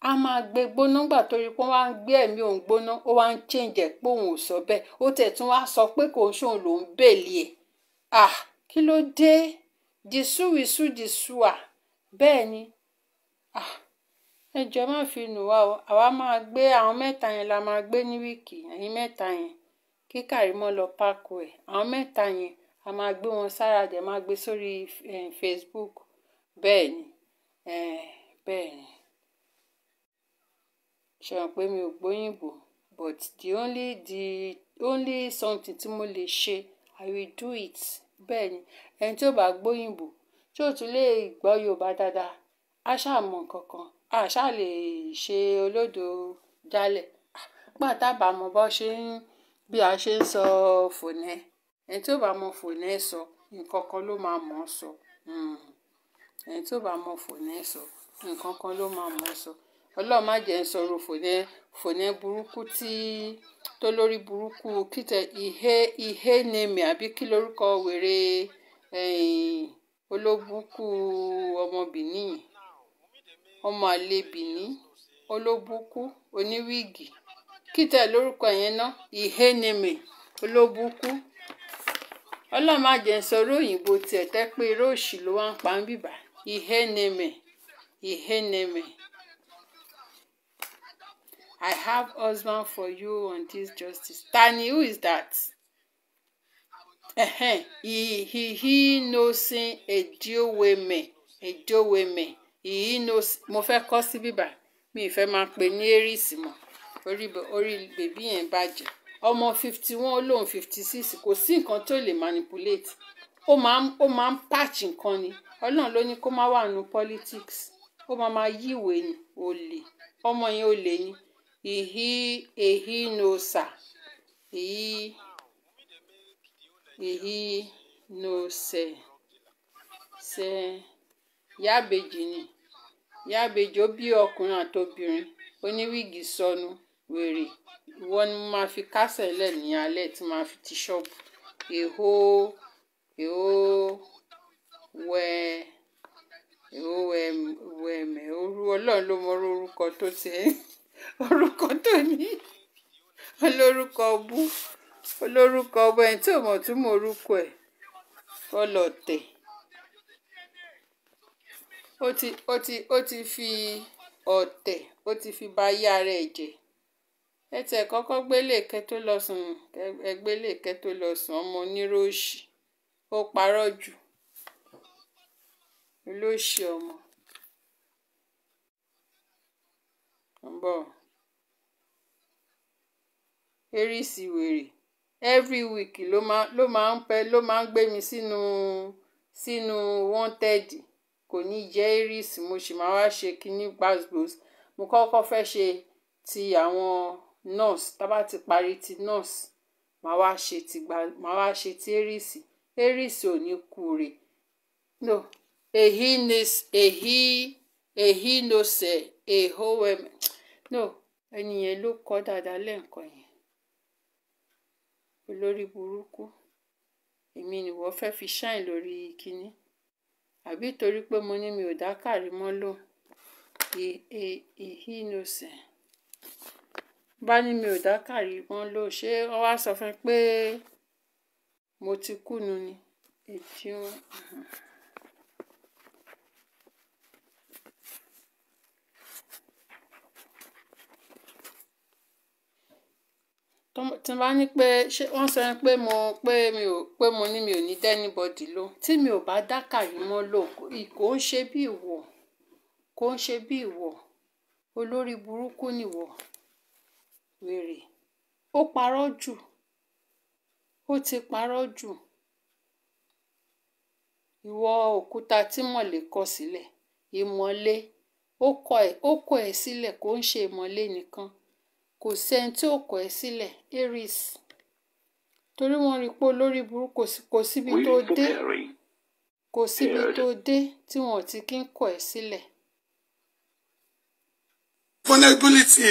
a máa gbé gbóná gbà torí pé wọ́n á gbé ẹ̀mí òun gbóná ó wá ń change ẹ̀ pé òun ò sọ bẹ́ẹ̀ ó tẹ̀ tún wá sọ pé kò ń ṣòun lòún bèèlì ẹ̀ ah kí ló dé jìsúwìsú jìsúà bẹ́ẹ̀ ni ah ẹ jọ má fi nù wá o àwa máa gbé àwọn mẹ́ta yẹn la máa gbé ní wíìkì ẹ̀yin mẹ́ta yẹn kí Kàrímọ́ lọ pákó ẹ̀ àwọn mẹ́ta yẹn a máa gbé wọn sára dẹ̀ máa gbé sórí eh, Facebook bẹ́ẹ̀ ni eh, bẹ́ẹ̀ ni ṣe pé mi ò gbóyìnbó but the only the only something tí mo lè ṣe I will do it bẹ́ẹ̀ ni ẹni tí ó bá gbóyìnbó tí ò tún lè gbọ́ Yorùbá dáadáa á ṣáà mọ̀ nǹkan kan á ṣáà lè ṣe olódo jálẹ̀ pàtàbàmọ̀ bó ṣe ń bí a ṣe ń sọ fònẹ́ ẹni tí ó bá mọ fòní ẹ̀ sọ nǹkan kan ló máa mọ̀ ọ́ sọ hmm. ẹni tí ó bá mọ fòní ẹ̀ sọ nǹkan kan ló máa mọ̀ ọ́ sọ ọlọ́run má jẹ́ ń sọ̀rọ̀ fòní fòní burúkú tí tó lórí burúkú kìtẹ̀ ìhé ìhé nèmi àbí kí lórúkọ wèrè olóbùkú ọmọ Bìní ọmọ àlè Bìní olóbùkú oníwíìgì kìtẹ̀ lórúkọ yẹn ná ìhé nèmi olóbùkú ọlọ́run má tiẹ̀ tẹ́ pé irú òṣì ló ń pa ń bìbà ìhé nèmẹ̀ ìhé nèmẹ̀. I have husband for you on this justice. Tani who is that? Ìhí no sin èdíòwèmẹ̀ èdíòwèmẹ̀ ìhí no sin mo fẹ́ kọ́ sí bìbà mi ì fẹ́ máa pè ní Aries mọ́ orí bèbí yẹn bàjẹ́. ọmọ fifty one 56 fifty six kò sí nǹkan tó lè manipulate ó máa ń patch nǹkan ni ọlọ́run ló ní kó má wà nù politics ó máa máa yí ìwé ni ọmọ yẹn olè ni ìhí èhí nòsà ìhí ìhí nòsẹ̀ sẹ yábejì ni yábejì ó bí ọkùnrin àtobìnrin ìwọ ni mo máa fi kásẹ̀ lẹ̀ ní alẹ́ tí màá fi ti ṣọ́ọ̀bù èho èho wẹ èho wẹ wẹ mẹ orú ọlọ́run ló mọ orúkọ tó tẹ orúkọ tó ní olórúkọ bú olórúkọ ọbọ ẹni tí ò mọ̀ tún mọ orúkọ ẹ̀ ọlọ̀tẹ̀ ó ti ó ti ó ti fi ọ̀tẹ̀ ó ti fi ba ayé ẹ̀ jẹ́ ẹ tẹ̀ kọ́kọ́ gbélé kẹ́ tó lọ sùn ẹ gbélé kẹ́ tó lọ sùn ọmọ onírò òṣì ó parọ́ jù olóṣì ọmọ ń bọ̀ wèrè every week ló máa ló máa ń pẹ ló máa ń gbé mi sínú sínú wanted kò ní jẹ́ eréṣì mo sì máa wá ṣe kinní gbàgbó mo kọ́kọ́ fẹ́ ṣe ti àwọn nurse tábà ti parí ti nurse màá wá ṣe ti gba màá ò ní kúre no èhí ni èhí èhí no sẹ èhó wẹm no ẹni yẹn ló kọ dáadáa lẹ́ǹkan yẹn olórí burúkú èmi nìwọ fẹ́ fi ṣáìn lórí kínní àbí torí pé mo ní mi ò dá Kàrímọ́ lò ìhínọ̀sẹ̀. E, e, bá ní mi ò dákà yìí wọ́n ló ṣe wọ́n wá sọ fún mi pé mo ti kùnú ni ètí wọn. tí n bá ní pé ṣé wọ́n sọ pé mo pé mi ò pé mo ní mi ò ní dẹ́nibọ́dì ló tí mi ò bá dákà yìí mọ́ lò kò ń ṣe bí ìwọ kò ń ṣe bí ìwọ olórí burúkú nìwọ wèrè ó parọ́ jù ó ti parọ́ jù ìwọ òkúta tí mọ̀lẹ́ kọ̀ sílẹ̀ ìmọ̀lẹ́ ó kọ̀ ẹ́ ó kọ̀ ẹ́ sílẹ̀ kò ń ṣe ìmọ̀lẹ́ nìkan kò sẹ́ni tí ó kọ̀ ẹ́ sílẹ̀ aries torí wọ́n rí i pé olórí burúkú kò síbi tó dé kò síbi tó dé tí wọn ti kí ń kọ̀ ẹ́ sílẹ̀. vulnerability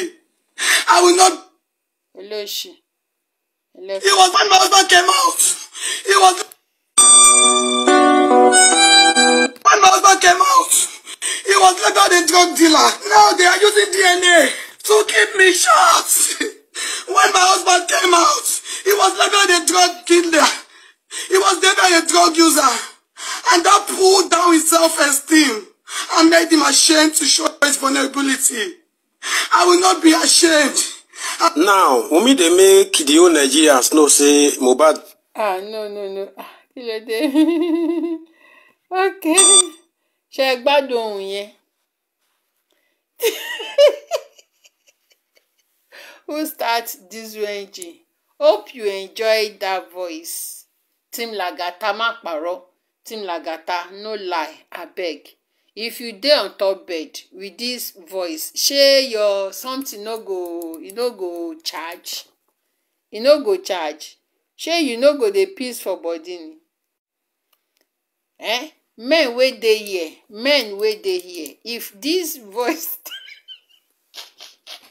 I will not. Olóṣì. It was when my husband came out. It was. When my husband came out, he was later a drug dealer. Now they are using DNA to keep me short. When my husband came out, he was later a drug dealer. He was later a drug user. And that pulled down his self-esteem and made him ashamed to show his vulnerability. I will not be ashamed. Now, Wunmi dey make the whole Nigerians know say Mohbad. Ah, no, no, no. Okay, ah, check dé? Ok. Ṣé Who start this ranging? Hope you enjoyed that voice. Tim Lagata Mark parọ́. Tim Lagata no lie I beg if you dey on top bed with this voice shey your something no go you e no go charge? You e no go charge? shey you no go dey piss for body ni? um men wey dey here men wey dey here if this voice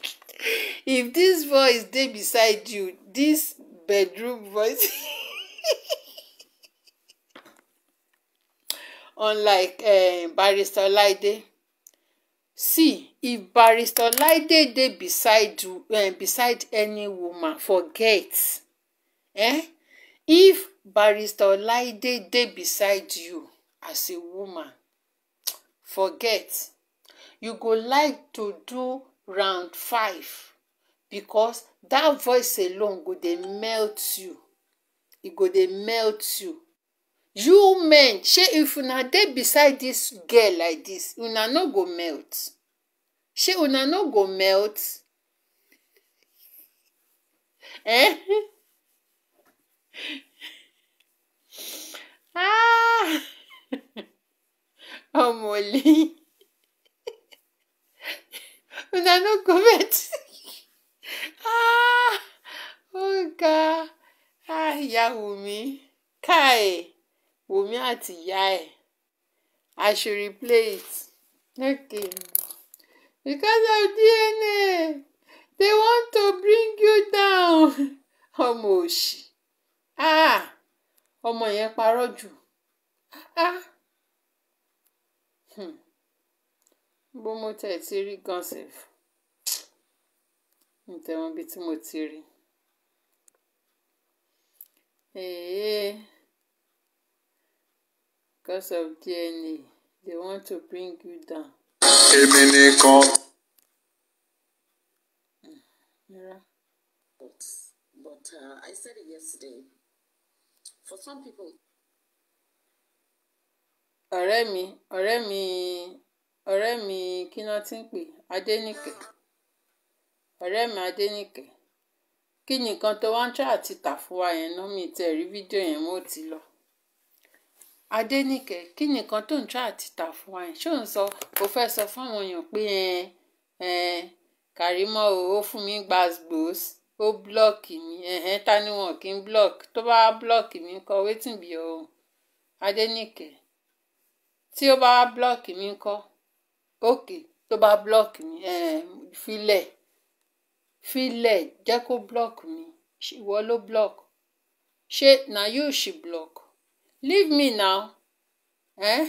if this voice dey beside you this bedroom voice unlike um barrister Laide. See, if barrister Laide dey beside uh, beside any woman, forget. Eh? If barrister Laide dey beside you as a woman, forget. You go like to do round five because that voice alone go dey melt you. E go dey melt you you men shey if una dey beside dis girl like dis una no go melt shey una no go melt eh ah omoli una no go melt ah oga oh ah yahoo mi kai. Wunmi àti ìyá ẹ̀ I should replay it. Okay. Because of DNA they want to bring you down. Ọmọ òṣì. Ah! Ọmọ yẹn parọ́ jù. Ah! Hmm. Bó mo tẹ̀ ti rí gan sef. Mo tẹ̀ wọ́n bí tí mo ti rí because of DNA they want to bring you down. èmi nìkan. Mm, but, but uh, I said it yesterday. For some people. Oremi, Oremi, Oremi, mi ọ̀rẹ́ mi kí ló ti ń pè Adénìkẹ́ ọ̀rẹ́ mi Adénìkẹ́ kí ni nǹkan wa yẹn náà mi tẹ̀ rí fídíò yẹn mo ti lọ adẹnìke kí ni nǹkan tó ń tra àti tà fún wa yẹn ṣé ò ń sọ kò fẹ́ sọ fún èèyàn pé Karimo o fún mi gbàgbós ó blọọkì mi ta ni wọn kì í blọọkì tó bá blọọkì mi ńkọ́ wetin be your own adẹnìke tí ó bá blọọkì mi ńkọ́ òkè tó bá blọọkì mi filẹ̀ filẹ̀ jẹ́ kó blọọkì mi ìwọ ló blọọkì ṣé na you she block leave me now eh?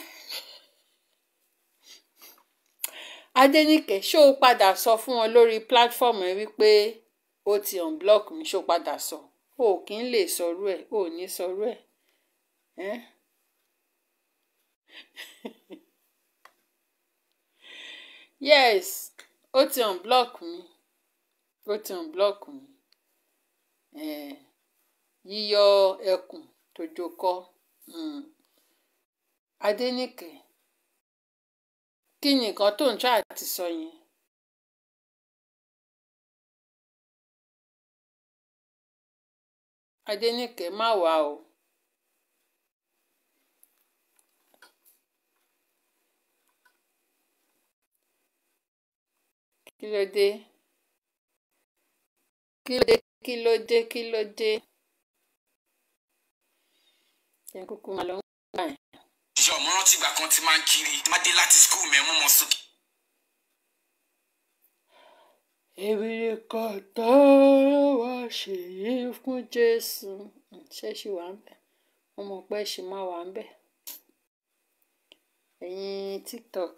adenike ṣó o padà sọ fún wọn lórí platform ẹ wípé o ti unblock mi ṣó o padà sọ o kì í lè sọrú ẹ o ò ní sọrú ẹ eh? yes ó ti unblock mi ó ti unblock mi um yíyọ ẹkùn tó jokọ um hmm. adẹnìke kí ni nǹkan tó ń ṣáà ti sọ yẹn adẹnìke má wàá o. kí ló dé kí ló dé kí ló dé kí ló dé ṣe kúkú máa lọ ń gbà ẹ̀. ìṣe ọmọ rántí ìgbà kan ti máa ń kiri má fún jésù ṣé ṣì wà ń bẹ̀ mo mọ̀ ṣì máa wà ń bẹ̀ ẹ̀yin tiktok.